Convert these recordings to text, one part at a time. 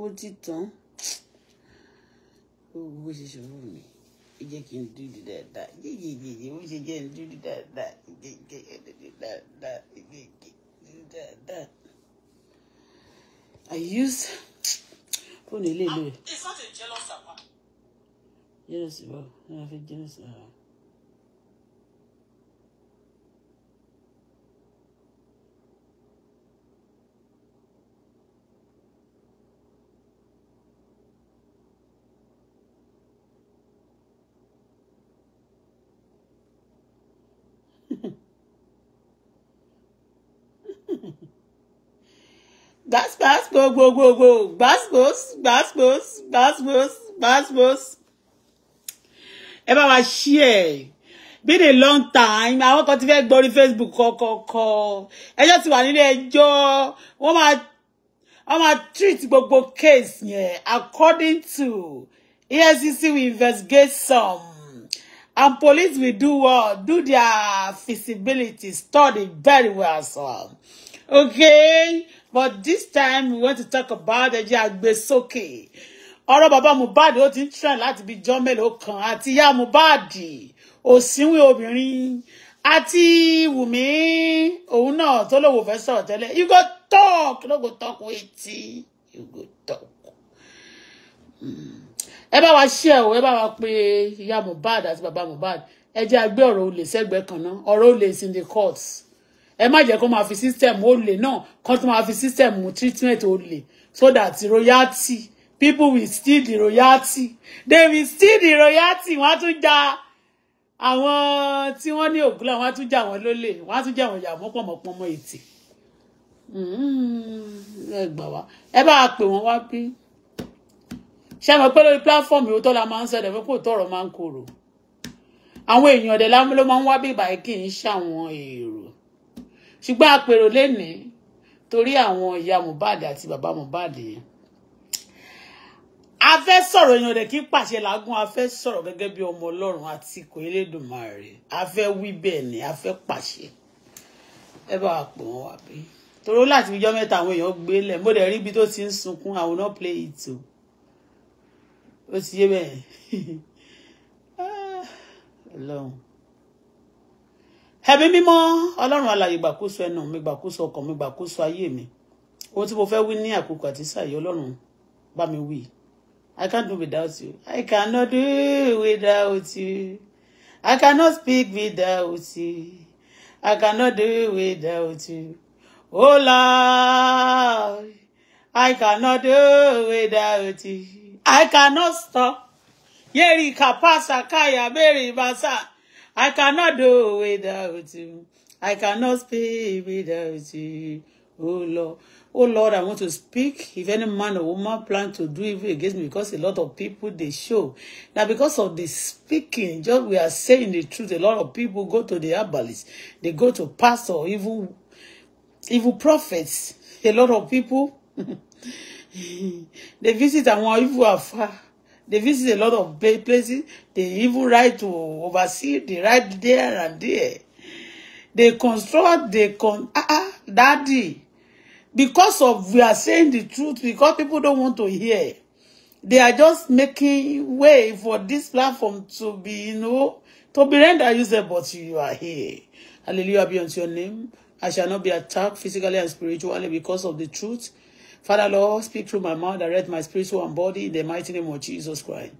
ó ti tán ó bó ṣe ṣòro mi ẹ jẹ́ kí n dúdú dáadáa jẹjẹjẹjẹ bó ṣe jẹ́ n dúdú dáadáa jẹjẹjẹ dúdú dáadáa jẹjẹjẹ dúdú dáadáa I use fóònù ilé ìlú rẹ̀. It's not a jealous about. jealous about. I feel jealous gbàsgbàs gbogbogbò gbàsgbòs gbàsgbòs gbàsgbòs gbàsgbòs. ẹ bá wa ṣí ẹ been a long time àwọn kan ti fẹ́ gbọ́ orí Facebook kọ̀ọ̀kọ̀ọ̀kọ̀ ẹjọ́ ti wà nílé ẹjọ́ wọ́n máa wọ́n máa treat gbogbo case yẹn according to EFCC will investigate some and police will do what do their feasibility study very well as well okay but this time we want to talk about ẹ jẹ́ àgbésókè ọ̀rọ̀ bàbá Mohbad ó ti ń trend láti bí jọ́ mélòó kan àti ìyá Mohbad òsínwé obìnrin àti Wùmí òun náà tó lòwò fẹ́ sọ̀rọ̀ tẹ́lẹ̀ you go talk no go talk wetin you go talk. Hmm. ẹ bá wa ṣe ẹ ẹ bá wa pe ìyá Mohbad àti bàbá Mohbad ẹ jẹ́ àgbé ọ̀rọ̀ olè sẹ́gbẹ̀ẹ́ kan náà ọ̀rọ̀ olè is in the courts ẹ má jẹ́ kó máa fi system olè náà kó tó máa fi system treatment olè so that royalty people will steal the royalty they will steal the royalty wọ́n á tún ja àwọn tí wọ́n ní ògùn làwọn á tún ja wọn lólè wọ́n á tún ja wọn yà mọ́pọ̀mọ́pọ̀ mọ́ ètè mm-hmm. ẹ gbà wá ẹ bá pè wọ́n wá bí ṣe mọ̀ pé lórí platform yìí tó la máa ń sọ̀rọ̀ pé kò tọrọ máa ń korò àwọn èèyàn ọ̀dẹ̀ ló máa ń wá bí ìbàyẹ̀ kì í ṣàwọn èrò ṣùgbọ́n àpérò lénìí torí àwọn ìyá Mohbad àti bàbá Mohbad yẹn a fẹ́ sọ̀rọ̀ èèyàn rẹ̀ kí pàṣẹ làágùn a fẹ́ sọ̀rọ̀ gẹ́gẹ́ bí ọmọ ọlọ́run àti ikọ̀ elédùnmarè a fẹ́ wí bẹ́ẹ̀ ni a fẹ́ pàṣẹ ẹ bá wa pè wọ́n wá bí toró láti fi jọ́ mẹ́ta àwọn èèyàn gbé lẹ̀ mo dẹ̀ rí ibi tó ti ń sunkún I will not play it o ó ti yé bẹ́ẹ̀ ah, ọlọ́run ẹ̀mí mímọ́ ọlọ́run alààyè gbàkóso ẹnu mi gbàkóso ọkàn mi gbàkóso ayé mi ohun tí mo fẹ́ wí ní àkókò àti sàyè ọlọ́run bá mi wí i can't do without you i cannot do without you i cannot speak without you i cannot do without you oh lord i cannot do without you i cannot stop yeri kapasa kaya mary basa. I cannot do without you. I cannot speak without you. Oh Lord. Oh Lord, I want to speak. If any man or woman plan to do evil against me, because a lot of people they show. Now, because of the speaking, just we are saying the truth. A lot of people go to the herbalists, they go to pastor, evil, evil prophets. A lot of people they visit want evil afar. They visit a lot of places. They even right to oversee. They right there and there. They construct. They con. Ah, ah, daddy. Because of we are saying the truth. Because people don't want to hear. They are just making way for this platform to be, you know, to be rendered usable. But you are here. Hallelujah be unto your name. I shall not be attacked physically and spiritually because of the truth. Father, Lord, speak through my mouth, direct my spiritual and body in the mighty name of Jesus Christ.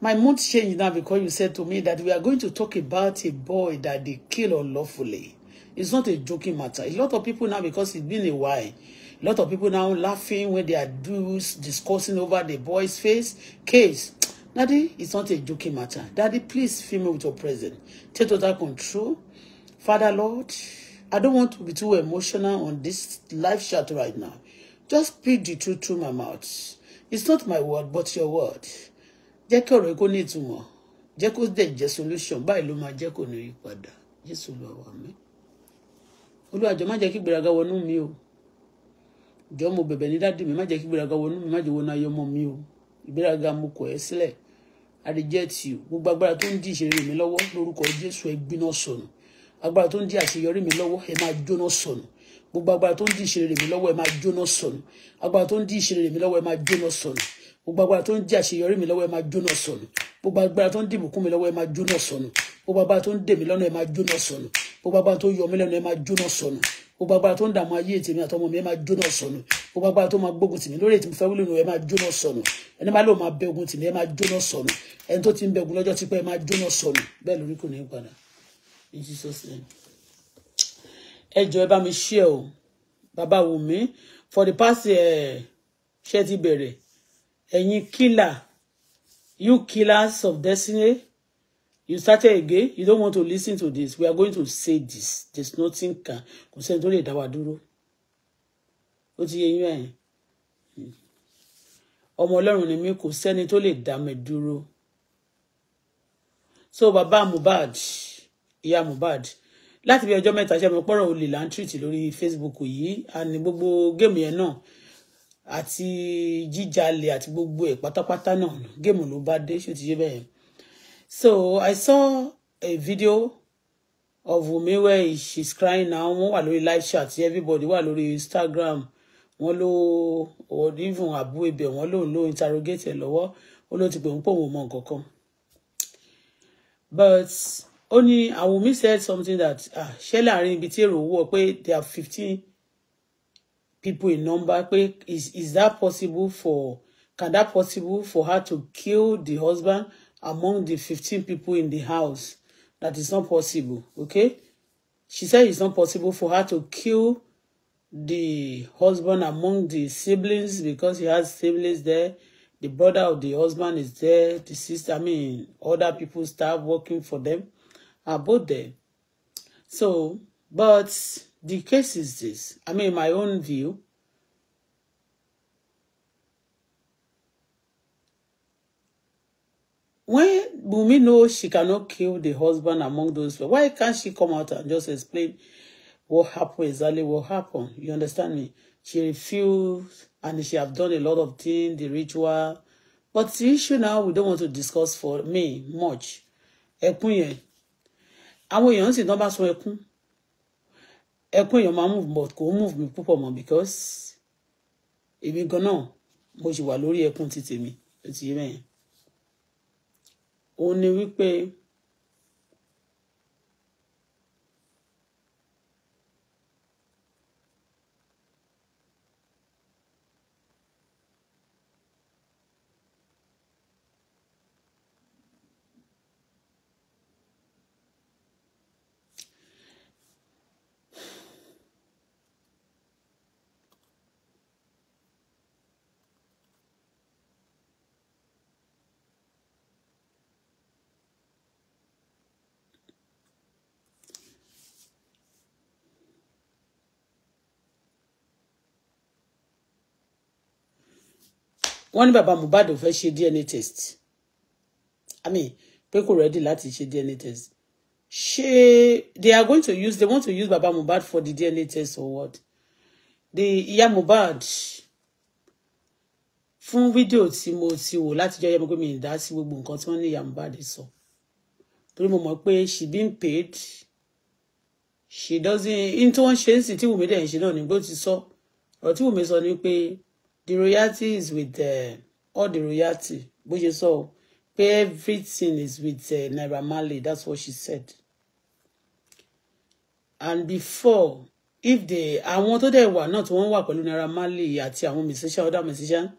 My mood changed now because you said to me that we are going to talk about a boy that they kill unlawfully. It's not a joking matter. A lot of people now, because it's been a while, a lot of people now laughing when they are dudes discussing over the boy's face case. Daddy, it's not a joking matter. Daddy, please fill me with your presence. Take total control. Father, Lord, I don't want to be too emotional on this live chat right now just speak the truth through my mouth it's not my word but your word Jeko reko ni yìí Jeko ní ìtumọ̀ solution báyìí ló máa jẹ́ kó ní yí padà jésù lọ wà mí olúwa jọ̀ọ́ má jẹ́ kí gbéraga wọnú mi o jọ̀ọ́ mo bẹ̀bẹ̀ ní dádì mi má wona yomo gbéraga wọnú mi má jẹ́ I reject you gbogbo agbára tó ń dí mi lọ́wọ́ lórúkọ jésù ẹ gbiná sọnù agbára tó yori mi lọ́wọ́ ẹ máa jóná sọnù gbogbo agbára tó ń dí ìṣeré mi lọ́wọ́ ẹ máa jóná sọnù agbára tó ń dí ìṣeré mi lọ́wọ́ ẹ máa jóná sọnù gbogbo agbára tó ń dí àṣeyọrí mi lọ́wọ́ ẹ máa jóná sọnù gbogbo agbára tó ń dí ìbùkún mi lọ́wọ́ ẹ máa jóná sọnù gbogbo agbára tó ń dè mí lọ́nà ẹ máa jóná sọnù gbogbo agbára tó ń yọ mí lẹ́nu ẹ máa jóná sọnù gbogbo agbára tó ń dààmú ayé tèmi àtọmọ mi ẹ máa jóná sọnù gbogbo agbára tó máa gbógun tèmi lórí ètò ìfẹ́ wúlò ẹ máa jóná sọnù ẹni máa lò máa bẹ ogun tèmi ẹ máa jóná sọnù ẹni tó ti ń bẹ ogun lọ́jọ́ tipẹ́ ẹ máa jóná sọnù bẹ́ẹ̀ lórí kò ní í padà in Jesus name ẹ jọ̀ọ́ ẹ bá mi ṣe o bàbá Wùmí for the past eh, ṣe ti bẹ̀rẹ̀ ẹ̀yin killer you killers of destiny you started again you don't want to listen to this we are going to say this There's nothing can kò sẹ́ni tó lè dá wa dúró ó ti yẹ yín ẹ̀yìn ọmọ ọlọ́run ni mí kò sẹ́ni tó lè dá mi dúró so bàbá Mohbad ìyá Mohbad láti bí ọjọ́ mẹ́ta ṣe mọ̀ pọ́rọ̀ olè là ń tírìtì lórí Facebook yìí àní gbogbo géèmù yẹn náà àti jíjalè àti gbogbo ẹ̀ pátápátá náà géèmù ló bá dé ṣó ti ṣe bẹ́ẹ̀. So I saw a video of Wunmi where she is crying now wọ́n wà lórí live chat everybody wà lórí Instagram wọ́n ló even àbú ibẹ̀ wọ́n lòun ló interrogate ẹ̀ lọ́wọ́ ó ló ti pè ń pòun mọ nǹkan kan but ó ní àwùmí said something that ah, ṣé láàrin ibi tí èrò wọ pé there are fifteen people in number pé is is that possible for can that possible for her to kill the husband among the fifteen people in the house that is not possible okay she said it's not possible for her to kill the husband among the siblings because he has siblings there. The brother of the husband is there. The sister, I mean, other people start working for them about them. So, but the case is this. I mean, my own view. When Bumi knows she cannot kill the husband among those people, why can't she come out and just explain what happened, exactly what happened? You understand me? She refused and she have done a lot of things, the ritual. But the issue now, we don't want to discuss for me much. Ẹkún yẹn àwọn èèyàn sì tán bá sun ẹkún ẹkún èèyàn máa move but kò move mi púpọ̀ mọ́ because èmi ganan mo sì wà lórí ẹkún ti tèmi ó ti yé mẹ́yìn òun ni wípé. wọ́n ní bàbá Mohbad ò fẹ́ ṣe DNA test i mean pé kò ready láti ṣe DNA test ṣé they are going to use they want to use bàbá Mohbad for the DNA test or what the ìyá Mohbad fún fídíò tí mo ti wò látijọ́ yẹ mo pé mi ì dá sí gbogbo nǹkan tí wọ́n ní ìyá Mohbad sọ torí mo mọ̀ pé she been paid she doesn't in tí wọ́n ṣe ń sìn tí Wùmí dẹ̀ ń ṣe náà ní gbó ti sọ ọ̀rọ̀ tí Wùmí sọ ni pé. So, the royalty is with uh, all the royalty bó ṣe sọ o everything is with uh, Naira Marley that's what she said and before if they I want to wà were not one work with Naira Marley àti àwọn musician other musician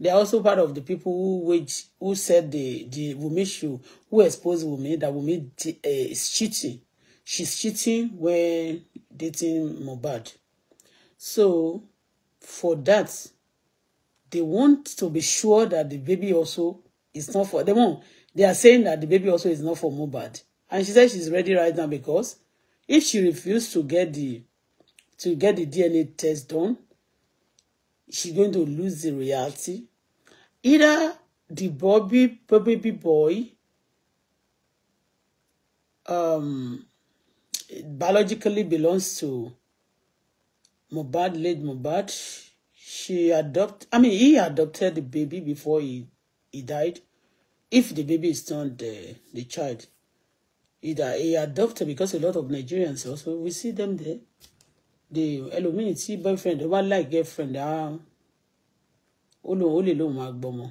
they are also part of the people who which who said the the woman shoe who exposed woman that woman uh, is cheating she's cheating when dating Mohbad so for that they want to be sure that the baby also is not for them. They are saying that the baby also is not for Mubad. And she said she's ready right now because if she refused to get the to get the DNA test done, she's going to lose the reality. Either the Bobby baby boy um biologically belongs to Mubad, late Mubad she adopt i mean he adopted the baby before he he died if the baby is not the the child either he adopted because a lot of nigerians also we see them there the ẹlòmíì tí boyfriend wá láì girlfriend á ó lóun ó lè lóun máa gbọmọ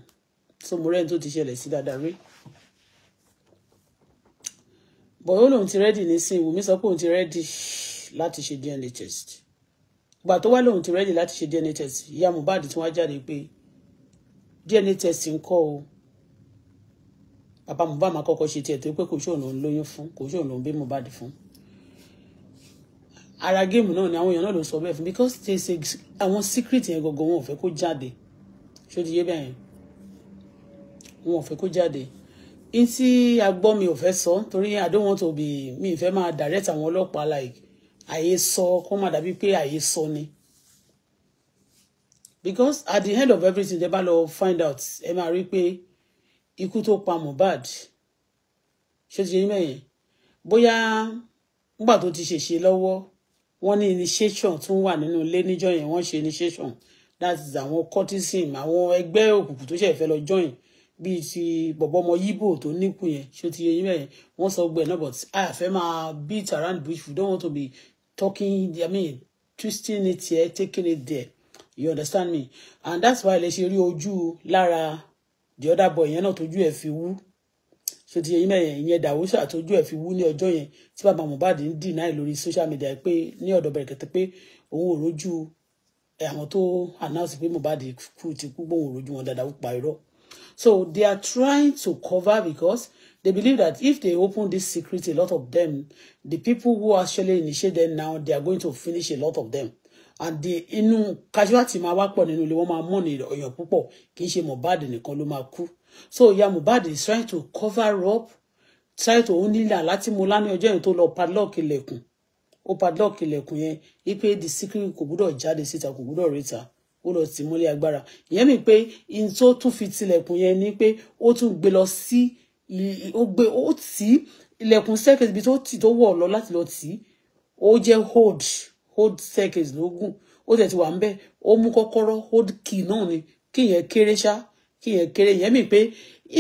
so more rẹ́ni tó ti See that, dáadáa rí bọ̀ ó lóun ti rẹ́dì nísìnyí wùmí sọ pé òun ti rẹ́dì láti the chest? ìgbà tó wá lóun ti rẹ́dì láti ṣe DNA test ìyá Mohbad tí wọ́n jáde pé DNA test ń kọ́ o bàbá Mohbad máa kọ́kọ́ ṣe tiẹ̀ tó pé kò ṣòun lòún lóyún fún kò ṣòun lòún bí Mohbad fún ara géèmù náà ni àwọn èèyàn náà ló sọ bẹ́ẹ̀ fún because they say àwọn secret yẹn gọ̀gọ̀ wọn ò fẹ́ kó jáde ṣó ti yé bẹ́ẹ̀ yẹn wọn ò fẹ́ kó jáde n tí agbọ́ mi ò fẹ́ sọ torí I don't want to be mi ì fẹ́ máa direct àwọn ọlọ́pàá like àhesọ kó má dàbí pé àhesọ ni because at the end of everything tẹ́ bá lọ find out ẹ máa rí pé ikú tó pa Mohbad ṣé ti ṣe níbẹ̀ yẹn bóyá nígbà tó ti ṣèṣe lọ́wọ́ wọ́n ní initiation tún wà nínú ilé níjọ́ yẹn wọ́n ṣe initiation that is àwọn courtesan àwọn ẹgbẹ́ òkùnkùn tó ṣẹ̀ fẹ́ lọ join bíi ti bọ̀bọ́ ọmọ yíbò tó níkù yẹn ṣé ti yẹ yín bẹ́ẹ̀ wọ́n sọ gbẹ̀ náà but àfẹ́ máa beat around the bush we don't want to be talking, I mean, twisting it here, taking it there. You understand me? And that's why lè ṣe rí ojú lára the other boy yẹn náà tójú ẹ̀ fi wú. So ti yẹn ìyẹn Dàwúsà tójú ẹ̀ fi wú ní ọjọ́ yẹn tí bàbá Mohbad ń deny lórí social media pé ní ọ̀dọ̀ Bẹ̀rẹ̀kẹ̀tẹ̀ pé òun ò rójú àwọn tó announce pé Mohbad kú ti kú gbóhùn òrojú wọn dáadáa ó pa irọ́. So they are trying to cover because They believe that if they open this secret, a lot of them, the people who actually initiate them now, they are going to finish a lot of them. And the inu casualty máa wá pọ̀ nínú ilé wọn máa mọ̀ ní èèyàn púpọ̀ kì í ṣe Mohbad nìkan ló máa kú. So ìyá Mohbad is trying to cover up trying to onílà láti mo lánàá ọjọ́ en tó lọ padlock ilẹ̀kùn ó padlock ilẹ̀kùn yẹn wípé the secret kò gbúdọ̀ jáde síta kò gbúdọ̀ ríta ó lọ tì mọ́lé agbára ìyẹn mi pé in tó tún fi tilẹ̀kùn yẹn ni pé ó tún gbé lọ Si ó gbé ó tì í ilẹ̀kùn staircase ibi tó tì tó wọ̀ lọ láti lọ tì í hold hold staircase ló gùn ó ti wà ńbẹ̀ ó mú kọ́kọ́rọ́ hold key náà ni kí yẹn kéré ṣá kí yẹn kéré yẹn mi pé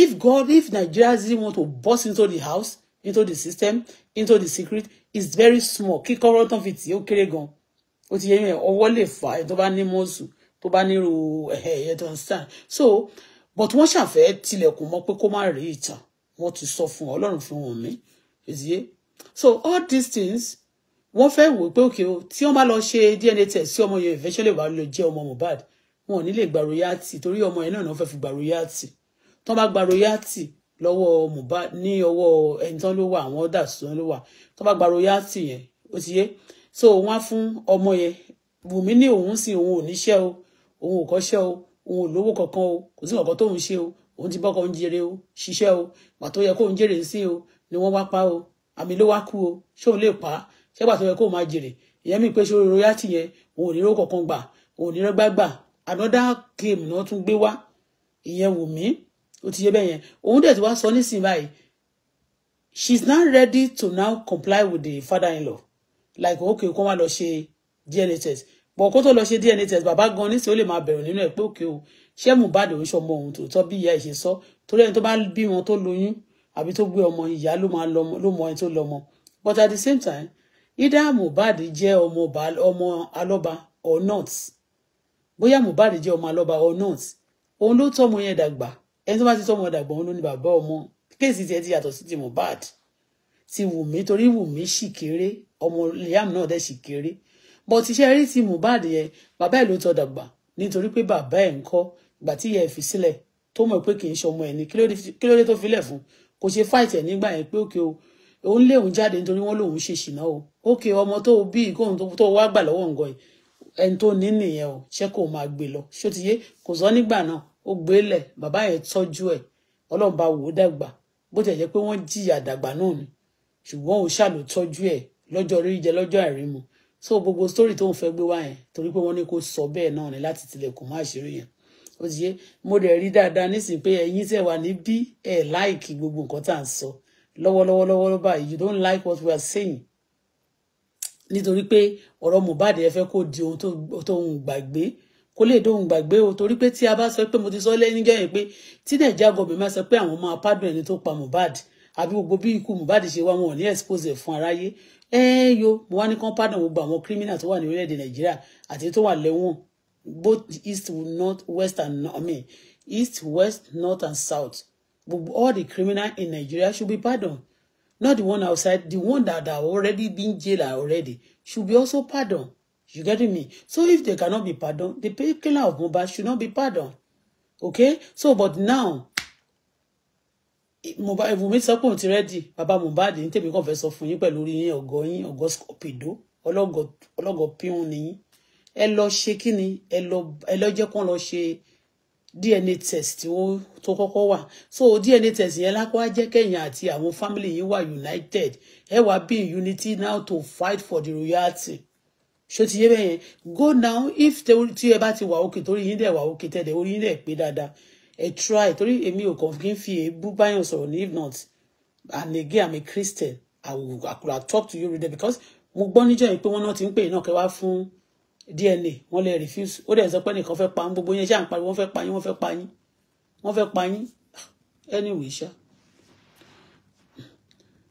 if God if Nigeria really want to burst into the house into the system into the secret it's very small kí kọ́kọ́rọ́ tán fi tì í ó kéré gan-an ti yẹ yẹn ọwọ́ lè fà ẹ̀ tó bá ní mọ́ọ̀sù tó bá nírú ẹ̀yẹ tó ń so but wọ́n ṣàfẹ́ tilẹ̀kùn mọ́ pé kó má rí ìtàn wọ́n ti sọ fún ọlọ́run fún wọn mi ṣèṣiyé so all these things wọ́n fẹ́ wò pé òkè o tí wọ́n bá lọ ṣe DNA test sí ọmọ yẹn eventually wàá lọ jẹ́ ọmọ Mohbad wọn ò ní lè gba royalty torí ọmọ yẹn náà náà fẹ́ fi gba royalty tó bá gba royalty lọ́wọ́ Mohbad ní ọwọ́ ẹni tán ló wà àwọn ọ̀dà tán ló wà tó bá gba royalty yẹn ó ti yé so wọ́n á fún ọmọ yẹn Wùmí ní òun sì òun ò níṣẹ́ o òun ò kọ́ṣẹ́ o òun ò lówó kankan o kò sí kankan tóun ṣe o òun ti bọ́kọ ń jèrè o ṣiṣẹ́ o gbà tó yẹ kó ń jèrè sí o ni wọ́n wá pa o àmì ló wá kú o ṣé òun lè pa ṣé tó yẹ kó máa jèrè ìyẹn mi pé ṣòro royalty yẹn òun ò ní ró kankan gbà òun ò ní rẹ́gbá gbà another claim náà tún gbé wá ìyẹn wù mí ó ti yé bẹ́ẹ̀ yẹn òun dẹ̀ ti wá sọ nísìnyí báyìí she is now ready to now comply with the father-in-law like okay kó wá lọ ṣe DNA test bọ̀ kó tó lọ ṣe DNA test bàbá gan nísìnyí ó lè máa bẹ̀rù nínú ẹ̀ pé okay o ṣé Mohbad ń ṣọmọ òun tòótọ́ bí ìyá ẹ̀ sọ torí ẹni tó bá bí wọn tó lóyún àbí tó gbé ọmọ ìyá ló máa lọmọ ló mọ ẹni tó lọmọ but at the same time either Mohbad jẹ́ ọmọ ọmọ alọ́ba or not bóyá Mohbad jẹ́ ọmọ alọ́ba or not òun ló tọ́ ọmọ yẹn dàgbà ẹni tó bá ti tọ́ ọmọ dàgbà òun ló ní bàbá ọmọ kéèsì tiẹ̀ ti yàtọ̀ sí ti Mohbad ti Wùmí torí Wùmí sì kéré ọmọ Liam náà dẹ̀ sì kéré but iṣẹ́ rí ti Mohbad yẹn bàbá ẹ̀ ló tọ́ dàgbà nítorí pé bàbá ẹ̀ ń kọ́ ìgbà tí ìyá ẹ̀ fi sílẹ̀ tó mọ̀ pé kì í ṣọmọ ẹ̀ ni kí ló dé tó filẹ̀ fún kò ṣe fáìtì ẹ̀ nígbà yẹn pé òkè o òun lé òun jáde nítorí wọ́n lòun ṣe ṣìnà o òkè ọmọ tó bí ìkóhun tó wá gbà lọ́wọ́ nǹkan yìí ẹni tó ní nìyẹn o ṣé kò máa gbé lọ ṣó ti yé kò sọ nígbà náà ó gbé lẹ̀ bàbá yẹn tọ́jú ẹ̀ ọlọ́run bá wò ó dàgbà bó tẹ̀ jẹ́ pé wọ́n jìyà dàgbà náà ni ṣùgbọ́n òun ṣàlò tọ́jú ẹ̀ lọ́jọ́ orí jẹ lọ́jọ́ àìrímu so gbogbo sórí tóun fẹ́ gbé wá yẹn torí pé wọ́n ní kó sọ bẹ́ẹ̀ náà ni láti tilẹ̀kùn má àṣírí yẹn ó ti yé mo dẹ̀ rí dáadáa nísìnyí pé ẹ̀yin tẹ̀ wà níbí ẹ̀ láìkì gbogbo nǹkan tá à ń sọ lọ́wọ́lọ́wọ́ lọ́wọ́lọ́wọ́ báyìí you don't like what we are saying nítorí pé ọ̀rọ̀ Mohbad ẹ fẹ́ kó di ohun tó ń gbàgbé kó lè dóhun gbàgbé o torí pé tí a bá sọ pé mo ti sọ lẹ́yìn jẹ́yìn pé tí nàìjíríà gọ̀ọ̀mì máa sọ pé àwọn máa pádùn ẹni tó pa Mohbad àbí gbogbo bí ikú Mohbad ṣe wá wọn ò ní expose ẹ̀ fún aráyé ẹ yo mo wá ní kán pádùn gbogbo àwọn kírímìnà tó wà ní orílẹ̀-èdè nàìjíríà àti tó wà lẹ́wọ̀n both east north west and i mean east west north and south all the criminal in nigeria should be pardoned not the one outside the one that are already been jailed already should be also pardoned you getting me so if they cannot be pardoned the killer of Mohbad should not be pardoned okay so but now Mohbad ìwòmí sọ pé òun ti rẹ́dì bàbá Mohbad ní tèmi kàn fẹ́ sọ fún yín pẹ̀lú orí yín ọ̀gọ́ yín ọ̀gọ́ pèdó ọlọ́gọ́ píhùn nìyín ẹ lọ ṣe kí ni ẹ lọ ẹ lọ jẹ́ kán lọ ṣe dna test tó kọ́kọ́ wà so dna test yẹn lákọ á jẹ́ kẹ́yìn àti àwọn family yìí wà united ẹ wà be unity now to fight for the royalty ṣó ti yé go now if tí ẹ bá ti wà òkè torí yín dẹ̀ wà òkè tẹ̀dẹ̀ orí yín dẹ̀ pé dáadáa ẹ try torí èmi ò kàn kí n fi èébú báyọ̀ sọ̀rọ̀ ní if not and again i'm a christian i will i could have to you later because mo gbọ́ níjọ́ yìí pé wọ́n náà ti ń pè náà kẹ́ wá fún DNA wọ́n lè refuse ó dẹ̀ sọ pé nìkan fẹ́ pa yín gbogbo yẹn ṣáà ń pariwo wọ́n fẹ́ pa yín wọ́n fẹ́ pa yín wọ́n fẹ́ pa yín anyway ṣá.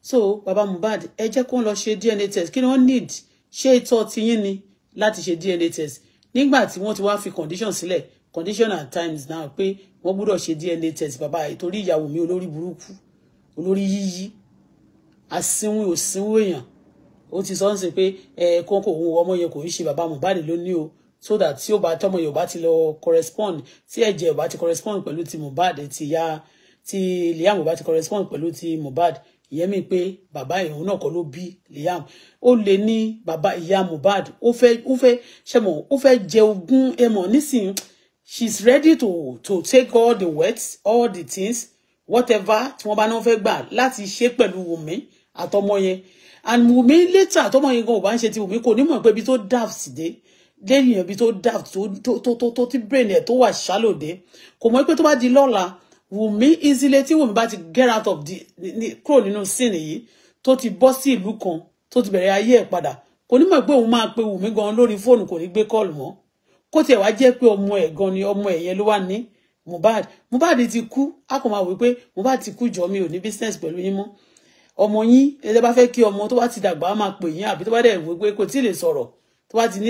so baba Mohbad ẹ jẹ́ kó ń lọ ṣe DNA test kí ni wọ́n need ṣé ìtọ̀ ti yín ni láti ṣe DNA test nígbà tí wọ́n ti wá fi condition sílẹ̀ condition at times náà pé wọ́n gbọ́dọ̀ ṣe DNA test bàbá ìtorí ìyàwó mi olórí burúkú olórí yíyí àsínwó òsínwó èèyàn ó ti sọ ń sìn pé ẹ kókó òun ọmọ yẹn kò ń ṣe bàbá Mohbad ló o so that tí ó bá tọmọ yẹn ò bá ti lọ correspond tí ẹ̀jẹ̀ ò bá ti correspond pẹ̀lú ti Mohbad ti ya ti Liam ò bá ti correspond pẹ̀lú ti Mohbad ìyẹn mi pé bàbá ìhun náà kọ́ ló bí Liam ó lè ní bàbá ìyá Mohbad ó fẹ́ ó fẹ́ ṣẹmọ ó fẹ́ jẹ ogún ẹmọ nísìnyí she's ready to to take all the words all the things whatever tí wọ́n bá náà fẹ́ gbà láti ṣe pẹ̀lú Wùnmí àtọmọ yẹn and Wùmí later tọmọ yẹn gan ò bá ń ṣe ti Wùmí kò ní mọ̀ pé ibi tó daft dé lẹ́yìn ibi tó daft tó tó tó ti brain ẹ̀ tó wà ṣálòdé kò mọ̀ pé tó bá di lọ́la Wùmí easily tí Wùmí bá ti get out of the kúrò nínú scene yìí tó ti bọ́ sí ìlú kan tó ti bẹ̀rẹ̀ ayé ẹ̀ padà kò ní mọ̀ pé òun máa pe Wùmí gan lórí fóònù kò ní gbé kọ́ọ̀lù mọ́ kó tiẹ̀ wá jẹ́ pé ọmọ ẹ̀ gan ni ọmọ ẹ̀ yẹn ló wà ní Mohbad Mohbad ti kú a kò máa wí pé Mohbad ti kú jọ mi ò ní business pẹ̀lú yín mọ́ ọmọ yín ẹlẹ́ bá fẹ́ kí ọmọ tó bá ti dàgbà á máa pè yín àbí tó bá dẹ̀ wí pé kò tí ì lè sọ̀rọ̀ tó bá ti ní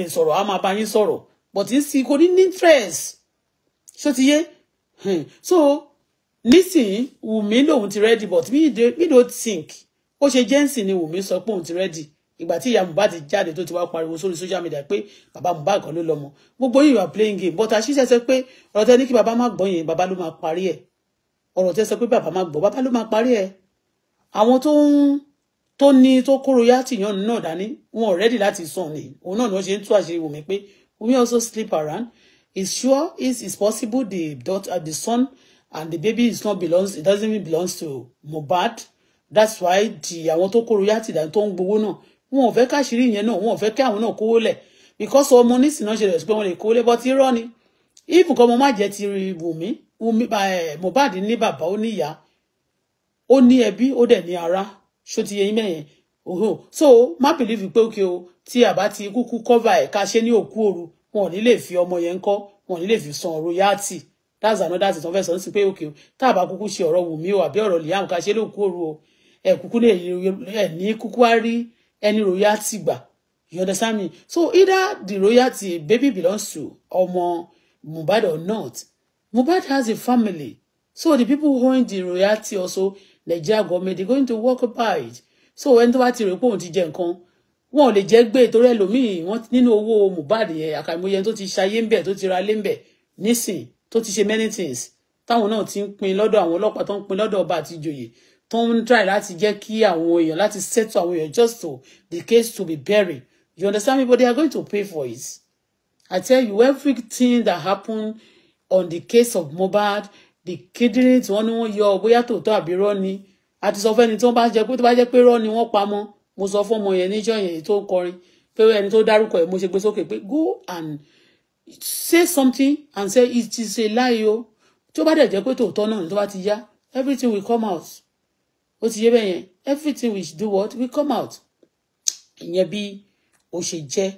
lè sọ̀rọ̀ á máa bá yín sọ̀rọ̀ but n sì kò ní ní interest ṣó ti yé hmm. so nísìnyí Wùmí lòun ti ready but me don't think ó ṣe jẹ́ǹsì ni Wùmí sọ pé òun ti ready ìgbà tí ìyá Mohbad ti jáde tó ti wá pariwo sórí social media pé bàbá Mohbad kan ló lọmọ gbogbo yìí wà playing game but àṣìṣe sọ pé ọ̀rọ̀ tẹ ní kí bàbá má gbọ́ yẹn bàbá ló máa parí ẹ̀ ọ̀rọ̀ tẹ sọ pé bàbá má gbọ́ bàbá ló máa parí ẹ̀ àwọn tó ń tó ní tó kóró yàtì yàn náà dání wọn ò rẹ́dì láti sùn ni òun náà ni wọ́n ṣe ń tú àṣírí Wùmí pé Wùmí also sleep around it's sure it is possible the daughter uh, the son and the baby is not belongs it doesn't even belongs to Mohbad that's why di àwọn tó kóró yàtì dání tó ń gbowó náà wọn ò fẹ́ káṣírí yẹn náà wọn ò fẹ́ kí àwọn náà kówó lẹ̀ because ọmọ nísìnyí náà ṣe rẹ̀ pé wọ́n lè kówó lẹ̀ but irọ́ ni if nǹkan ọmọ má jẹ́ ti Wùmí Wùmí eh, Mohbad ní bàbá ó ní ìyá ó ní ẹbí ó dẹ̀ ní ará ṣó ti yẹ mẹ́yẹn oho so má believe pé òkè o tí àbá ti kúkú cover ẹ̀ ká ṣe ní òkú òru wọn ò ní lè fi ọmọ yẹn kọ́ wọn ò ní lè fi san royalty that's another thing tó fẹ́ sọ sí pé òkè o tá àbá kúkú ṣe ọ̀rọ̀ wùmí o àbí ọ̀rọ̀ liam ká ṣe lóòkú òru o ẹ̀ kúkú ní kúkú á rí ẹni royalty gbà you understand me so either the royalty baby belongs to ọmọ Mohbad or not Mohbad has a family so the people who own the royalty also Nigeria government they going to work walk it. so ẹni tó bá ti rò pé òun ti jẹ nǹkan wọn ò lè jẹ́ gbé e torí ẹlòmíì wọn nínú owó Mohbad yẹn àkàìmọye tó ti ṣayé ń bẹ tó ti ra lé ń bẹ nísìn tó ti ṣe many things táwọn náà ti ń pín lọ́dọ̀ àwọn ọlọ́pàá tó ń pín lọ́dọ̀ ọba àti ìjòyè tó ń try láti jẹ́ kí àwọn èèyàn láti settle àwọn èèyàn just to the case to be buried you understand me but they are going to pay for it i tell you everything that happened on the case of Mohbad the kidney tí wọ́n ní wọ́n yọ bóyá tòótọ́ àbí rọ́ ni a ti sọ fẹ́ni tí wọ́n bá jẹ pé tó bá jẹ́ pé rọ́ ni wọ́n pamọ́ mo sọ fún ọmọ yẹn níjọ́ yẹn tó ń kọrin pé ẹni tó dárúkọ ẹ̀ mo ṣe gbé sókè pé go and say something and say it is a lie o tí ó bá dẹ̀ jẹ́ pé tòótọ́ náà tó bá ti yá everything will come out ó ti yé bẹ́ẹ̀ yẹn everything we do what will come out ìyẹn bí ó ṣe jẹ́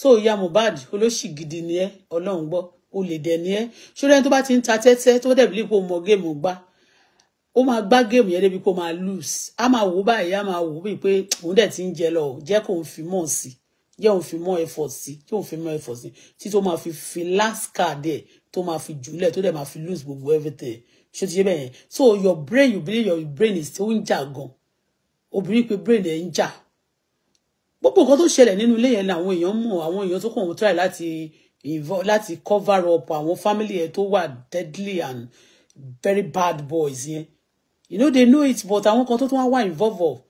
so ìyá Mohbad olóṣì gidi ni ẹ́ ọlọ́run gbọ́ olè dẹ̀ ní ẹ́ ṣọ́ra ẹni tó bá ti ń ta tẹ́tẹ́ tó dẹ̀ bílí pé ó mọ géèmù gbá ó máa gbá géèmù yẹn débi pé ó máa lose á máa wò báyìí á máa wò bíi pé òun dẹ̀ ti ń jẹ lọ jẹ́ kó ń fi mọ̀ sí jẹ́ òun fi mọ́ ẹ̀fọ́ sí jẹ́ òun fi mọ́ ẹ̀fọ́ sí tí tó máa fi fi last card ẹ̀ tó máa fi jùlẹ̀ tó dẹ̀ máa fi lose gbogbo everything ṣé ti ṣe bẹ́ẹ̀ yẹn so your brain you believe your brain is still ń jà gan obìnrin pé brain ẹ̀ ń jà gbogbo nǹkan tó ṣẹlẹ̀ nínú ilé yẹn làwọn èèyàn mọ̀ àwọn èèyàn tó kàn ń try láti involve láti cover up àwọn family ẹ̀ tó wà deadly and very bad boys yẹn you know they know it but àwọn kan tó tún wá wà involve of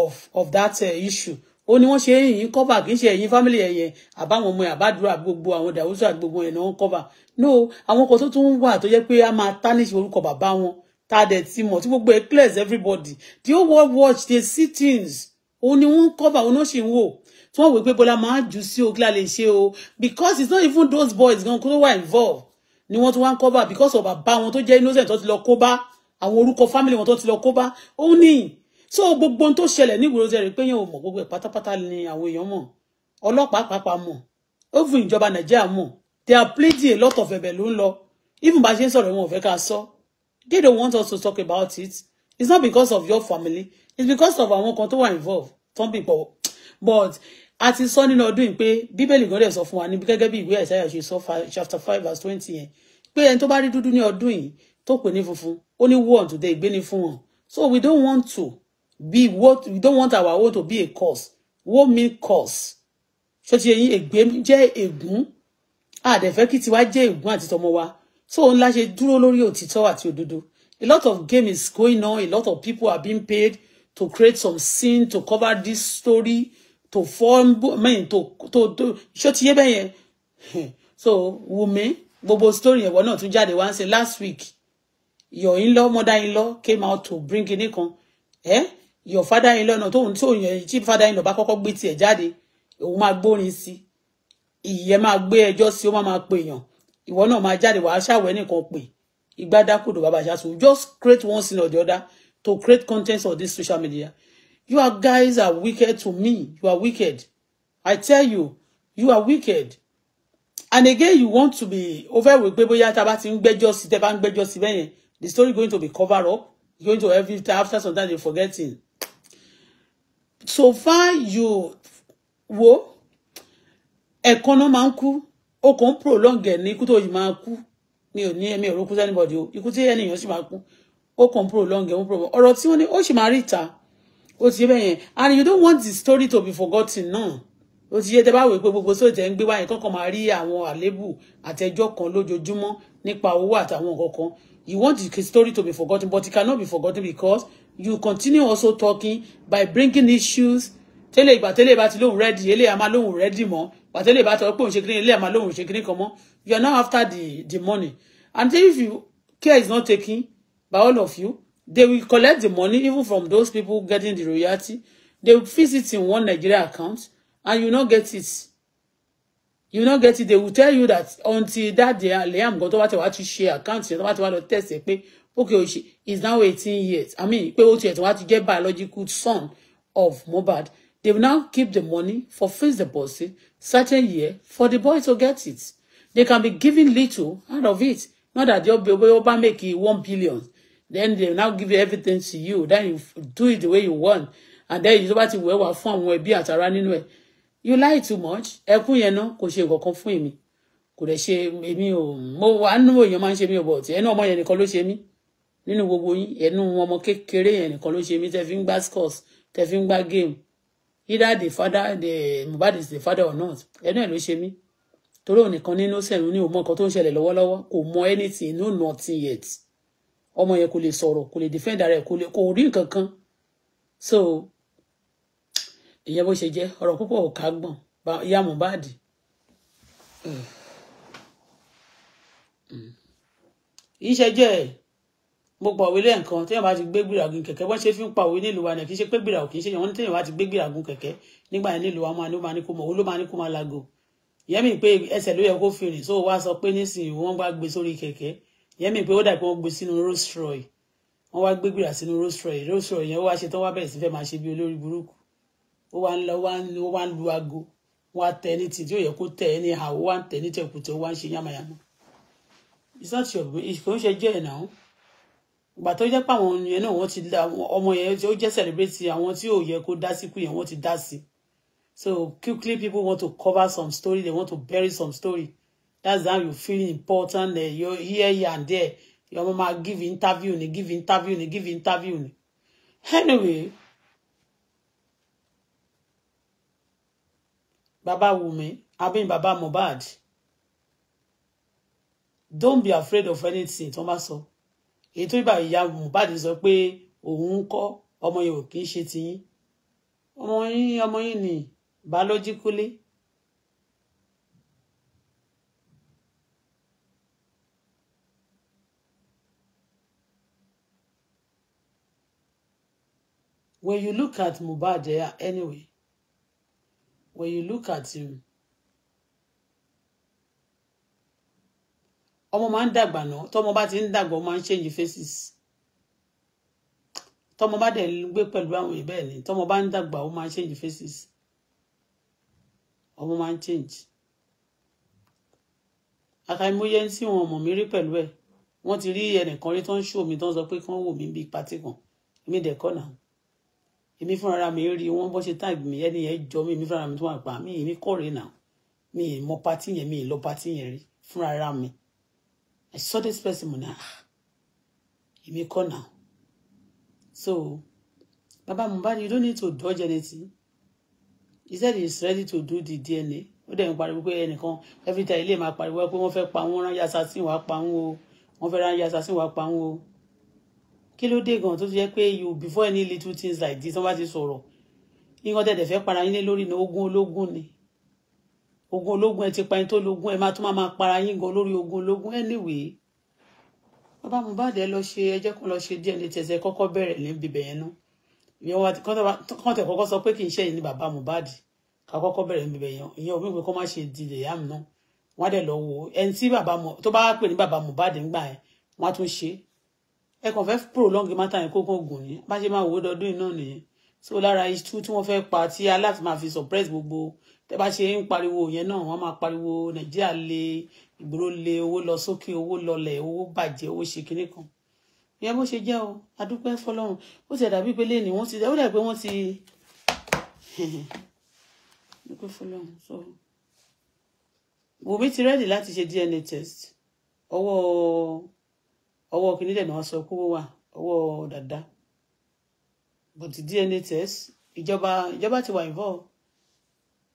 of of that uh, issue ó ní wọ́n ṣe ẹ̀yìn cover kì í ṣe ẹ̀yìn family ẹ̀yẹ àbáwọn ọmọ àbádúrà gbogbo àwọn dàwùsù àgbogbo ẹ̀ náà cover no àwọn kan tó tún wà tó jẹ́ pé a máa tarnish orúkọ bàbá wọn tá a dẹ̀ ti mọ̀ tí gbogbo ẹ̀ clears everybody the whole world watch dey see things òun ni wọ́n cover òun náà ṣì ń wò tí wọ́n wò pé Bọ́lá máa jù sí o la lè ṣe o because it's not even those boys gan kó tó wà involved ni wọ́n tún wá ń cover because of bàbá wọn tó jẹ́ innocent tó ti lọ kó bá àwọn orúkọ family wọn tó ti lọ kó bá ó ní so gbogbo ohun tó ṣẹlẹ̀ ní ìwòrò rẹ̀ pé yẹn ò mọ̀ gbogbo ẹ̀ pátápátá ni àwọn èèyàn mọ̀ ọlọ́pàá pàápàá mọ̀ ó fún ìjọba Nàìjíríà mọ̀ they are pleading a lot of ẹ̀bẹ̀ ló ń lọ even bá ṣe ń sọ̀rọ̀ wọn ò fẹ́ ká sọ they don't want us to talk about it it's not because of your family it's because of àwọn kan tó wà involved some people but a ti sọ nínú ọdún yìí pé bíbélì gan dẹ̀ sọ fún wa ní gẹ́gẹ́ bí ìwé àìsáyà ṣe sọ chapter five verse twenty yẹn pé ẹni tó bá rí dúdú ní ọdún yìí tó pè ní funfun ó ní war today ìgbé ní fún wọn so we don't want to be what we don't want our own to be a cause war mean cause ṣó ti yẹn ègbé jẹ́ ègún àdẹ̀fẹ́ kí tiwa jẹ́ ègún àti tọmọ wa so òun la ṣe dúró lórí òtítọ́ àti òdodo a lot of game is going on a lot of people are being paid to create some sin to cover this story to form mean to to to ṣó ti yé bẹ́ẹ̀ yẹn so Wùmí gbogbo story yẹn wọ́n náà tún jáde wá ń last week your in-law mother-in-law came out to bring kinní kan eh? your father-in-law náà tóun so yẹn chief father-in-law bá kọ́kọ́ gbé tiẹ̀ jáde òun máa gbórin sí ìyẹn máa gbé ẹjọ́ sí ó máa máa pè yàn ìwọ náà máa jáde wàá ṣàwẹ́ nìkan pè ìgbádàkùdù bàbá ṣáṣù just create one thing or the other to create contents on this social media You are guys are wicked to me. You are wicked. I tell you, you are wicked. And again, you want to be over with pé bóyá tá bá ti ń just sí tẹ́ bá ń gbẹ́jọ́ sí bẹ́yẹn. The story going to be covered up. You're going to every time after sometimes you forgetting. So far you wo ẹ̀kan náà máa prolong ẹ̀ ní ikú tó yìí máa kú mi ò ní ẹ̀mí òrókú sẹ́nibọ̀dì o ikú tí ènìyàn sì máa kú ó kàn ń prolong ẹ̀ ń prolong ọ̀rọ̀ tí wọ́n ní ó sì máa rí and you don't want the story to be forgotten no. ó ti yé tẹ́ bá wò pé gbogbo sóòtẹ́ ń gbé wáyé kọ́kọ́ máa rí àwọn àlébù àtẹjọ́ kan lójoojúmọ́ nípa owó àtàwọn nǹkan kan you want the story to be forgotten but it cannot be forgotten because you continue also talking by bringing issues tẹ́lẹ̀ ìgbà tẹ́lẹ̀ ìbá ti lóhùn rẹ́dì eléyà máa lóhùn rẹ́dì mọ́ ìgbà tẹ́lẹ̀ ìbá ti sọ pé òun ṣe kíní eléyà máa lóhùn ṣe kíní you are now after the the money and if you care is not taken by all of you They will collect the money even from those people getting the royalty. They will fix it in one Nigeria account and you not get it. You not get it. They will tell you that until that day, Liam got over to what to share account, you know what to test it. Okay, oh, she is now 18 years. I mean, pé what you want to get biological son of Mohbad. They will now keep the money for fixed deposit certain year for the boy to get it. They can be given little out of it. Not that they'll be able to make it one billion then they now give everything to you then you do it the way you want and then ìjọba ti wẹ̀ wá fún àwọn ẹbí àtàrà nínú ẹ̀ you lie too much ẹkún yẹn náà kò ṣe nǹkan fún èmi kò dẹ̀ ṣe èmi ò mo wà nínú èèyàn máa ń ṣe mí ọ̀bọ̀ ọ̀tí ẹnu ọmọ yẹn nìkan ló ṣe mí nínú gbogbo yín ẹnu ọmọ kékeré yẹn nìkan ló ṣe mí tẹ́ fi ń gbá scores tẹ́ fi ń gbá game either the father the Mohbad is the father or not ẹnu ẹ̀ ló ṣe mí torí òun nìkan nínú sẹ̀rùn ní òun mọ nǹkan tó ń ṣẹlẹ̀ lọ́wọ́lọ́wọ́ kò mọ anything no nothing yet ọmọ yẹn kò lè sọ̀rọ̀ kò lè defend ara ẹ̀ kò lè kò rí nǹkan kan so ìyẹn bó ṣe jẹ́ ọ̀rọ̀ púpọ̀ ò kágbọ̀n ìyá Mohbad. ìṣẹ́jọ́ ẹ̀ mo pàwé lẹ́yìn kan téèyàn bá ti gbé gbìràgùn kẹ̀kẹ́ wọ́n ṣe fi ń pàwé nílùú wa náà kì í ṣe pé gbìràgùn kì í ṣe yàn wọ́n ní téèyàn bá ti gbé gbìràgùn kẹ̀kẹ́ nígbà yẹn nílùú wa máa ní ó máa ní kó mọ̀ ó ló máa ní kó máa lago ìyẹn mi pé ẹsẹ̀ ló yẹ kó fi so wá sọ pé nísìnyí wọ́n gbá gbé sórí kẹ̀kẹ́ ìyẹn mi pé ó dàbí wọ́n gbé sínú Rolls Royce wá gbé gbìrà sínú Rolls Royce yẹn ó wá ṣe tán wá bẹ̀rẹ̀ sí fẹ́ máa ṣe bí olórí burúkú ó wá ń lọ ó wá ń lu aago wá tẹ ní tí tí ó yẹ kó tẹ ẹ ní àwọ wá ń tẹ ní tẹkùtẹ ó wá ń ṣe yàmàyàmà it's not your ìfowóṣe jẹ ẹ náà ìgbà tó jẹ́ pé àwọn yẹn náà wọ́n ti da ọmọ yẹn ó jẹ́ celebrate àwọn tí ò yẹ kó dá síkú yẹn wọ́n ti dá sí so quickly people want to cover some story they want to bury some story that's how you feel important eh, you're here, here and there your mama give interview ni give interview ni give interview ni anyway baba Wumi abi baba Mohbad don't be afraid of anything tó ń ba sọ èyí tó bá ìyá Mohbad sọ pé òun ń kọ́ ọmọ yẹn ò kì í ni biologically when you look at Mohbad anyway when you look at him ọmọ máa ń dàgbà náà tọmọ bá ti ń dàgbà ọmọ ń change faces tọmọ bá dẹ̀ ń gbé pẹ̀lú àwọn èèyàn bẹ́ẹ̀ ni tọmọ bá ń dàgbà ọmọ ń change faces ọmọ máa ń change àkàìmọye tí wọn mọ̀ mí rí pẹ̀lú ẹ̀ wọ́n ti rí ẹnìkan rí tó ń ṣó mi tó ń sọ pé kí wọ́n wò mí bíi pátí kan èmi dẹ̀ kọ́ náà èmi fúnra mi rí wọn bó ṣe tag mi ẹni yẹn jọ mí èmi fúnra mi tó wà pa mí èmi kọ̀rẹ́ náà mi ì mọ pati yẹn mi ì lọ pati yẹn rí fúnra mi I saw this person mo ní ah èmi kọ́ náà so baba Mohbad you don't need to dodge anything he said he's ready to do the DNA ó dẹ̀ ń pariwo pé ẹnìkan every time ilé máa pariwo pé wọ́n fẹ́ pa wọ́n rán yasa sí wàá pa wọ́n o wọ́n fẹ́ rán yasa sí wàá pa wọ́n o kí ló dé gan tó ti jẹ́ pé you before any little things like this wọ́n bá ti sọ̀rọ̀ nǹkan tẹ̀tẹ̀ fẹ́ para yín lé lórí náà ogun ológun ni ogun ológun ẹ ti pa ẹni tó lógun ẹ máa tún máa para yín gan lórí ogun ológun anyway bàbá Mohbad ẹ lọ ṣe ẹjẹ kan lọ ṣe DNA test ẹ kọ́kọ́ bẹ̀rẹ̀ níbi bẹ̀yẹn náà ìyẹn wa kàn tẹ kọ́kọ́ sọ pé kì í ṣe ní bàbá Mohbad ká kọ́kọ́ bẹ̀rẹ̀ níbi bẹ̀yẹn ìyẹn omi ìwé kó má ṣe di lè yàm náà wọn á dẹ lọ wo ẹni tí bàbá tó bá pè ní bàbá Mohbad ńgbà yẹn wọn á tún ṣe é ẹ kàn fẹ́ prolong matter yẹn kókó gùn ní bá ṣe máa wò ó dọdún iná nìyẹn so lára iṣu tí wọ́n fẹ́ pa tí aláàfin máa fi suppress gbogbo tẹ́ bá ṣe ń pariwo yẹn náà wọ́n máa pariwo nàìjíríà le ìgboro le owó lọ sókè owó lọlẹ̀ owó bàjẹ́ owó ṣe kinní kan ìyẹn bó ṣe jẹ́ o adúpẹ́ fọlọ́run ó ti dàbí pé lẹ́ni wọ́n ti ó dàbí pé wọ́n ti adúpẹ́ fọlọ́run so Wùmí ti rẹ́dì láti ṣe DNA test ọwọ́. Oh, ọwọ́ kìíní dẹ̀ náà sọ kówó wà ọwọ́ dàda but DNA test ìjọba ìjọba ti wà involved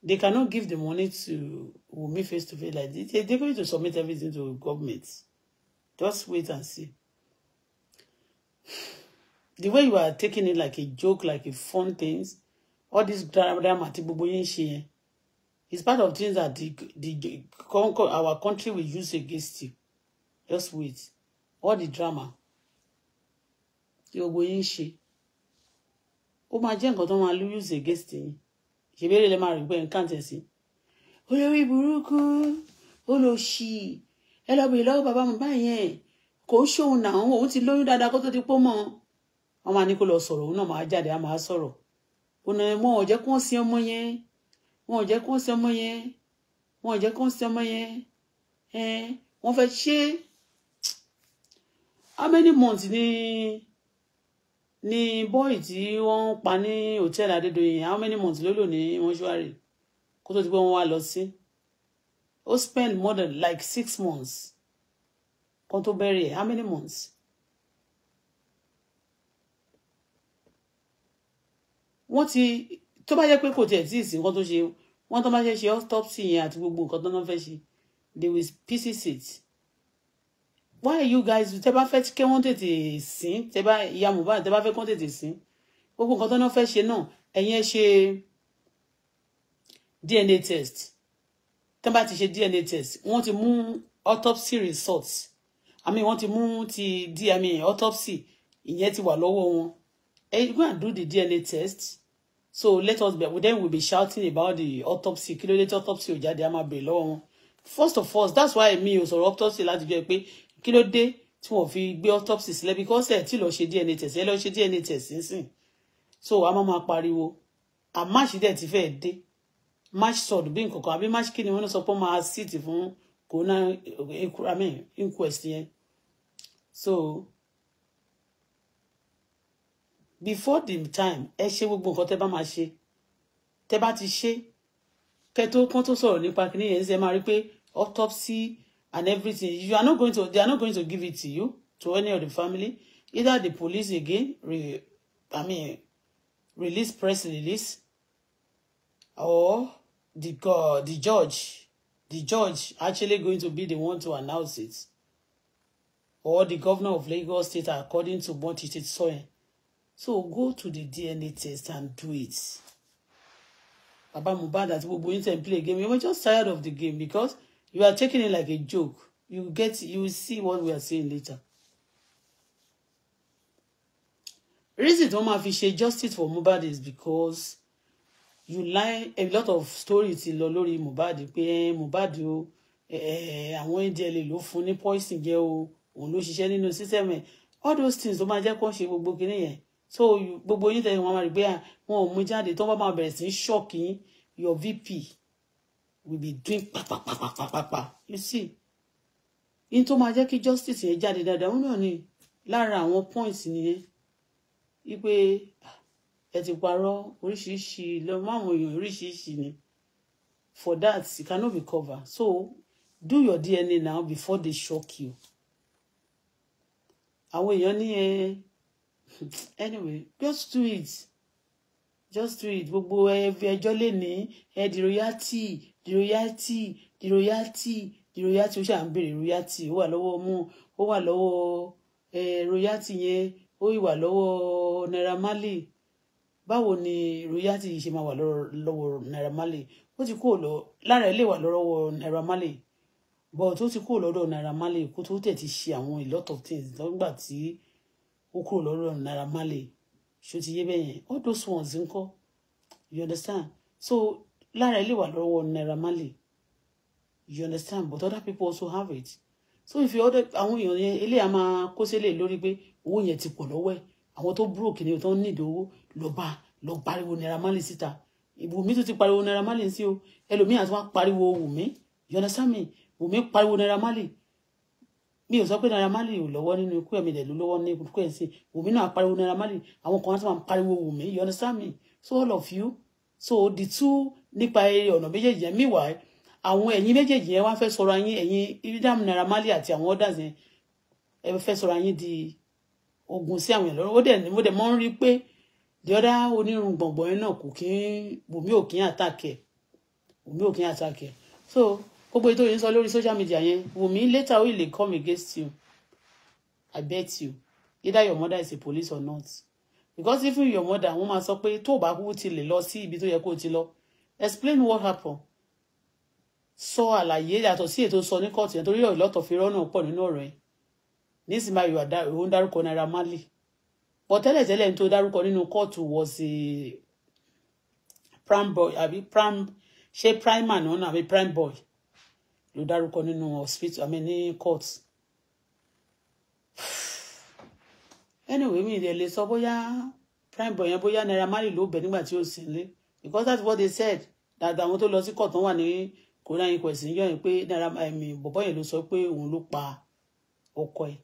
they cannot give the money to Wunmi face to face like this they they going to submit everything to government just wait and see the way you are taking it like a joke like a fun things all this drama ti gbogbo yín ṣe yẹn is part of things that the the our country will use against you just wait all the drama tí gbogbo yín ń ṣe ó máa jẹ́ nǹkan tó máa lú use against yín ìṣèbéèrè lè máa rí pé nǹkan tẹ̀ sí. olórí burúkú olóṣì ẹ lọ bèrè lọ́wọ́ bàbá bàbá yẹn kò ń ṣòun náà òun ti lóyún dáadáa kó tó ti pọ́ mọ́ wọn máa ní kó lọ sọ̀rọ̀ òun náà máa jáde á máa sọ̀rọ̀ ọ̀nà ẹ̀ wọn ò jẹ́ kó ń sin ọmọ yẹn wọn ò jẹ́ kó ń sin ọmọ yẹn wọn ò jẹ́ kó ń sin ọmọ yẹn ẹ wọ́n fẹ́ ṣe how many months ni ni bọ́ọ̀ì tí wọ́n pa ní hòtẹ́ẹ̀lì Adédoyin how many months ló ni ní mọ́ṣúárì kó tó ti pé wọ́n wá lọ sí spend more than like six months kan tó bẹ̀rẹ̀ how many months. wọ́n ti tó bá jẹ́ pé kò tiẹ̀ tí ì sí nǹkan tó ṣe wọ́n tó bá autopsy yẹn àti gbogbo nǹkan tó náà fẹ́ ṣe they will pieces it why you guys tẹ bá fẹ́ kí wọ́n tètè sìn tẹ bá ìyá Mohbad tẹ bá fẹ́ kí wọ́n tètè sìn gbogbo nǹkan tó náà fẹ́ ṣe náà ẹ̀yin ẹ DNA test tẹ bá ti ṣe DNA test wọ́n ti mú autopsy results I àmì wọ́n ti mú ti I mean, autopsy ìyẹn ti wà lọ́wọ́ wọn ẹ go and do the DNA test so let us be then we'll be shouting about the autopsy kí ló dé tí autopsy ò jáde a máa bèrè lọ́wọ́ wọn first of all that's why me ò sọ̀rọ̀ autopsy láti jẹ́ pé kí ló dé tí wọ́n fi gbé autopsy sílẹ̀ because ẹ̀ tí lọ ṣe DNA test ẹ lọ ṣe DNA test sínsìn so a máa máa pariwo àmáṣí dẹ̀ ti fẹ́ẹ́ dé march sọ̀d bí nǹkan kan àbí march kí ni wọ́n sọ pé máa síìtì fún corona inquest yẹn so before the time ẹ ṣe gbogbo nǹkan tẹ́ bá máa ṣe tẹ́ bá ti ṣe kẹ́ tó kán tó sọ̀rọ̀ nípa kíní yẹn ṣe máa rí pé autopsy and everything you are not going to they are not going to give it to you to any of the family either the police again re, i mean release press release or the uh, the judge the judge actually going to be the one to announce it or the governor of Lagos State according to what it is saying so go to the DNA test and do it Baba Mubad àti gbogbo yín tẹ̀ ń play game you were just tired of the game because You are taking it like a joke. You get you see what we are saying later. Reason tó máa fi ṣe justice for Mohbad is because you lie a lot of stories in lọ lórí Mohbad pé eh, Mohbad o eh, eh, àwọn ẹ̀jẹ̀ lè lò fún ní poison jẹ́ o òun ló ṣiṣẹ́ nínú system ẹ̀ all those things so máa jẹ́ kó ṣe gbogbo kinní yẹn so you, yín tẹ̀lé wọn máa rí pé ah, wọn ò mú jáde tó bá máa bẹ̀rẹ̀ sí ṣọ́ọ̀kì your VP will be doing papapapapapa you see in tó máa jẹ́ kí justice yẹn jáde dáadáa òun náà ni lára àwọn points nìyẹn wípé ẹ ti parọ́ oríṣiríṣi lọ́mọ àwọn èèyàn oríṣiríṣi ni for that you cannot be cover. so do your DNA now before they shock you àwọn èèyàn ní eh. anyway just do it just do it gbogbo ẹbí ẹjọ́ lè ní ẹ di royalty the royalty the royalty royalty ó ṣáà ń béèrè royalty ó wà lọ́wọ́ mú ó wà lọ́wọ́ ẹ royalty yẹn ó wà lọ́wọ́ naira marley báwo ni royalty yìí ṣe máa wà lọ́wọ́ naira marley ó ti kó lọ lára ẹ̀ lè wà lọ́wọ́ naira marley but ó ti kó lọ́dọ̀ naira marley kó tó tẹ̀ ti ṣe àwọn a lot of things nígbà tí ó kó lọ́dọ̀ naira marley ṣó ti yé bẹ́yẹn all those ones ńkọ́ you understand so lára ilé wà lọ́wọ́ Naira Marley you understand but other people also have it so if you order àwọn èèyàn yẹn ilé a máa kó sílé lórí pé owó yẹn ti pọ̀ lọ́wọ́ ẹ̀ àwọn tó broke ni tó ń nídìí owó lọ́ba lọ pariwo Naira Marley síta Wùmí tún ti pariwo Naira Marley sí o ẹlòmíì àti wọn pariwo Wùmí you understand me Wùmí pariwo Naira Marley mi ò sọ pé Naira Marley ò lọ́wọ́ nínú ikú ẹ̀mí ìdẹ̀lú lọ́wọ́ ní ikú ẹ̀ sí Wùmí náà pariwo Naira Marley àwọn kan á ti máa pariwo Wùmí you understand me so all of you so the two nípa ọ̀nà méjèèjì yẹn meanwhile àwọn ẹ̀yin méjèèjì yẹn wá fẹ́ sọ̀rọ̀ yín ẹ̀yin idam naira marley àti àwọn others yẹn ẹ fẹ́ sọ̀rọ̀ yín di ogun sí àwọn èèyàn lọ́wọ́ ó dẹ̀ mo dẹ̀ mọ́ ń rí pé the other onírun gbọ̀ngbọ̀n yẹn náà kò kí ń Wùmí ò kí ń attack ẹ̀ Wùmí ò attack so gbogbo ètò yìí ń sọ lórí social media yẹn Wùmí later will dey come against you I bet you either your mother is a police or not because if your mother wọn máa sọ pé tó o bá kú ti lè lọ sí ibi tó yẹ kó o ti lọ explain what happened So, àlàyé yàtọ̀ sí ètò sọ ní kóòtù yẹn torí ọ̀lọ́tọ̀ fi rọ́nà pọ̀ nínú ọ̀rọ̀ yẹn nísìnyí máa yọ òun dárúkọ Naira Marley but tẹ́lẹ̀tẹ́lẹ̀ ní tó dárúkọ nínú kóòtù wọ́n sí prime boy àbí prime ṣé prime àná àbí prime boy ló dárúkọ nínú hospital àmì ní court anyway mi ìdẹ̀ lè sọ bóyá prime boy yẹn bóyá Naira Marley ló bẹ̀ nígbà tí ó sì ń lé because that's what they said that àwọn tó lọ sí kọ̀ tó wà ní corona inquest ń yọ̀yìn pé náírà ẹ̀mí bọ̀bọ̀ yẹn ló sọ pé òun ló pa ọkọ ẹ̀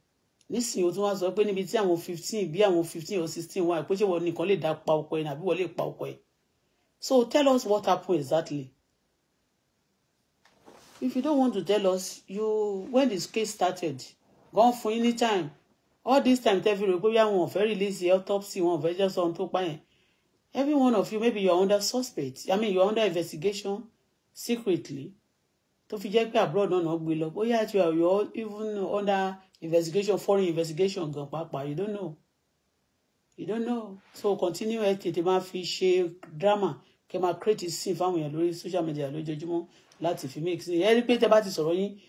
nísìnyí o tún wá sọ pé níbi tí àwọn fifteen bí àwọn fifteen or sixteen wà pé ṣé wọn nìkan lè dá pa ọkọ ẹ̀ àbí wọn lè pa ọkọ ẹ̀ so tell us what happened exactly if you don't want to tell us you when this case started gone for any time all this time tẹ́ fi rò pé bí àwọn ò fẹ́ release autopsy wọn ò fẹ́ jẹ́ sọ ohun tó pa yẹn Every one of you, maybe you're under suspect. I mean, you're under investigation secretly. To fi jẹ́ pé abroad náà gbé lọ. Bóyá àti you're even under investigation, foreign investigation gan pàápàá. You don't know. You don't know. So continue ẹ tètè máa fi ṣe drama kẹ máa create scene fáwọn èèyàn lórí social media lójoojúmọ́ láti fi make scene. Ẹ rí pé tẹ bá ti sọ̀rọ̀ yín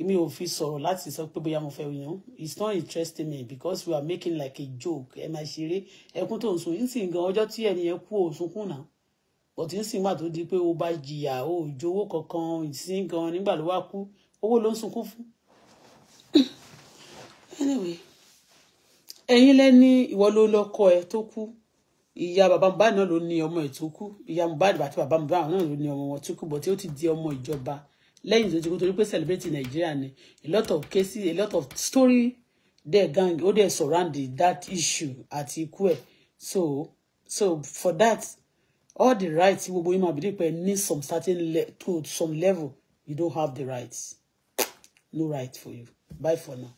èmi ò fi sọ̀rọ̀ láti sọ pé bóyá mo fẹ́ yan it's not interesting me because we are making like a joke ẹ máa ṣeré ẹkún tó ń sun yín sì ń gan ọjọ́ tí ẹni yẹn kú ò sunkún but yín sì ń wà tó di pé ó bá jìyà ó jowó kankan ìsín gan nígbà ló wá kú owó ló ń sunkún fún. anyway ẹ̀yin lẹ́ni ìwọ ló lọ́kọ ẹ tó kú ìyá bàbá Mohbad náà ló ní ọmọ ẹ̀ tó kú ìyá Mohbad àti bàbá Mohbad náà ló ní ọmọ wọn tó kú bọ̀ ó ti di ọmọ ìjọba lẹ́yìn tó ti kú torí pé celebrate Nigeria ni a lot of cases a lot of story there gang ó dẹ̀ surround that issue àti ikú ẹ̀ so so for that all the rights gbogbo yín máa bìí pé ní some certain le to some level you don't have the rights no right for you bye for now.